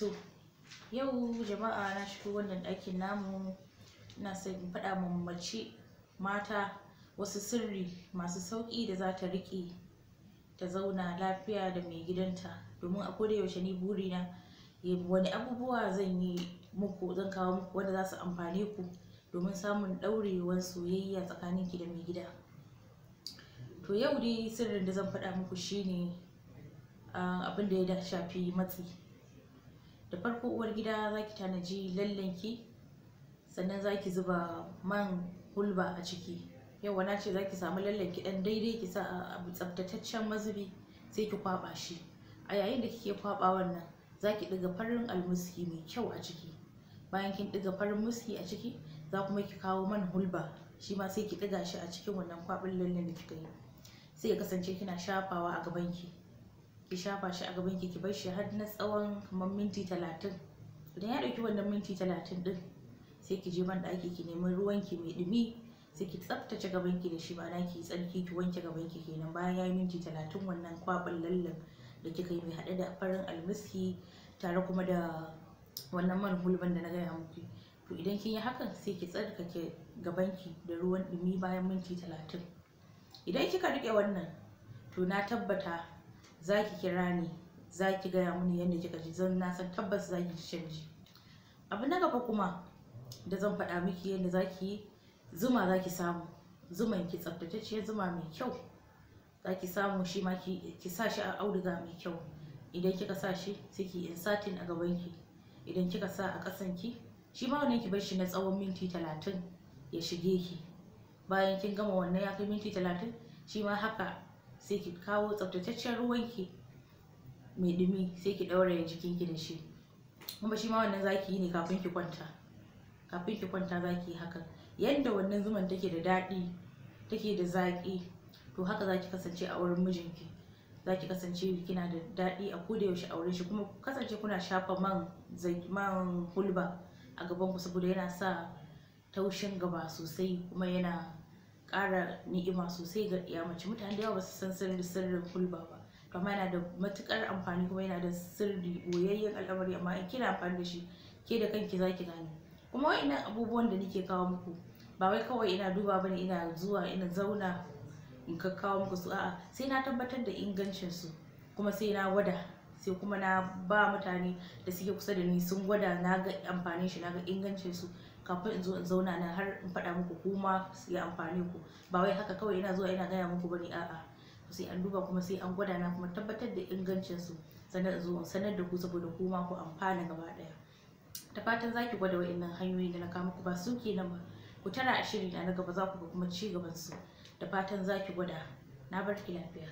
to yau jama'a na shigo wannan ɗakin namu na son in faɗa ma mace mata wasu sirri masu sauƙi da za ta riƙe ta zauna lafiya da mai gidanta domin a koda yaushe ni burina wani abubuwa zan yi muku zan kawo muku wanda za su amfane ku domin samun ɗaurewar soyayya tsakanin ki da mai gida to yau dai sirrin da zan faɗa muku shine ah, abin da ya shafi matsi da farko uwar gida za ki tanaji lallanki sannan za ki zuba man hulba a ciki yawa na ce za ki samu lallanki ɗan daidai ki sa a tsaftataccen mazubi sai ki kwaɓa shi a yayin da kike kwaɓa wannan za ki ɗiga farin almuski mai kyau a ciki bayan kin ɗiga farin muski a ciki za kuma ki kawo man hulba shi ma sai ki ɗiga shi a cikin wannan kwaɓin lallen da kika yi sai ya kasance kina shafawa a gabanki ki shafa shi a gaban ki ki bar shi har na tsawon kamar minti talatin idan ya dauki wannan minti talatin din, sai ki je ban ɗaki ki nemi ruwan ki mai ɗumi sai ki tsaftace gaban ki da shi ba ki tsarki ki wanke gaban ki kenan bayan ya yi minti talatin wannan kwabin lallan da kika yi mai haɗe da farin almiski tare kuma da wannan man hulban da na gaya muku to idan kin yi hakan sai ki tsarkake gabanki da ruwan ɗumi bayan minti talatin idan kika rike wannan to na tabbata za ki kira ni za ki gaya mini yadda kika ji zan na san tabbas za ki ji canji abu na gaba kuma da zan faɗa miki yadda za ki yi zuma za ki samu zuman ki tsaftatacciyar zuma mai kyau za ki samu shi ma ki sa shi a auduga mai kyau idan kika sa shi sai ki insatin a gaban ki idan kika sa a kasan ki shi ma wannan ki bar shi na tsawon minti talatin ya shige ki bayan kin gama wannan ya kai minti talatin shi ma haka sai ki kawo tsaftataccen ruwanki mai dumi sai ki ɗauraye jikinki da shi kuma shi ma wannan zaki yi ne kafin ki kwanta kafin ki kwanta zaki yi hakan yadda wannan zuman take da daɗi take da zaƙi to haka zaki kasance a wurin mijinki zaki kasance kina da daɗi a koda yaushe a wurin shi kuma kasance kuna shafa man man hulba a gaban ku saboda yana sa taushin gaba sosai kuma yana ƙara ni'ima sosai ga iya mace mutane da yawa ba su san sirri sirrin hulba ba amma yana da matukar amfani kuma yana da sirri boyayyen al'amari amma in kina amfani da shi ke da kanki za zaki gane kuma wa'innan abubuwan da nike kawo muku ba wai kawai ina duba bane ina zuwa ina zauna in kakkawo muku su a'a sai na tabbatar da ingancin su kuma sai na gwada sai kuma na ba mutane da suke kusa da ni sun gwada na ga amfanin shi na ga ingancin su kafin in zo in zauna na har in faɗa muku kuma su yi amfani ku ba wai haka kawai yana zuwa yana gaya muku bane a'a sai an duba kuma sai an gwada na kuma tabbatar da ingancin su sannan in in sanar da ku saboda kuma ku amfana gaba ɗaya da fatan za gwada wa'innan hanyoyi da na kawo muku ba su kenan ba ku tara a shiri na gaba za ku ga kuma ci gaban su da fatan za gwada na barki lafiya